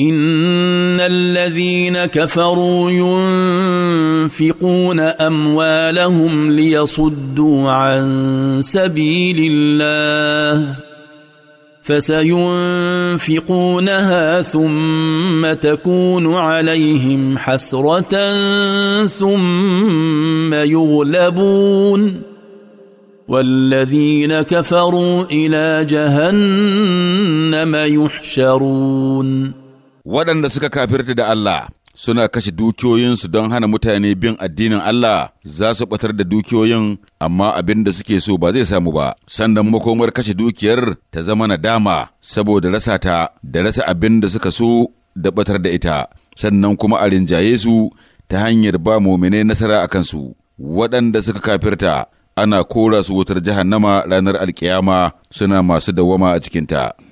ان الذين كفروا ينفقون اموالهم ليصدوا عن سبيل الله فسينفقونها ثم تكون عليهم حسره ثم يغلبون والذين كفروا الى جهنم يحشرون waɗanda suka kafirta da Allah suna kashe dukiyoyinsu don hana mutane bin addinin Allah za su batar da dukiyoyin amma abin da suke so ba zai samu ba sannan makomar kashe dukiyar ta zama nadama saboda rasa ta da rasa abin da suka so da batar da ita sannan kuma a rinjaye su ta hanyar ba momine nasara a kansu waɗanda suka kafirta ana kora su wutar nama, ranar alkiyama suna masu dawwama a cikinta.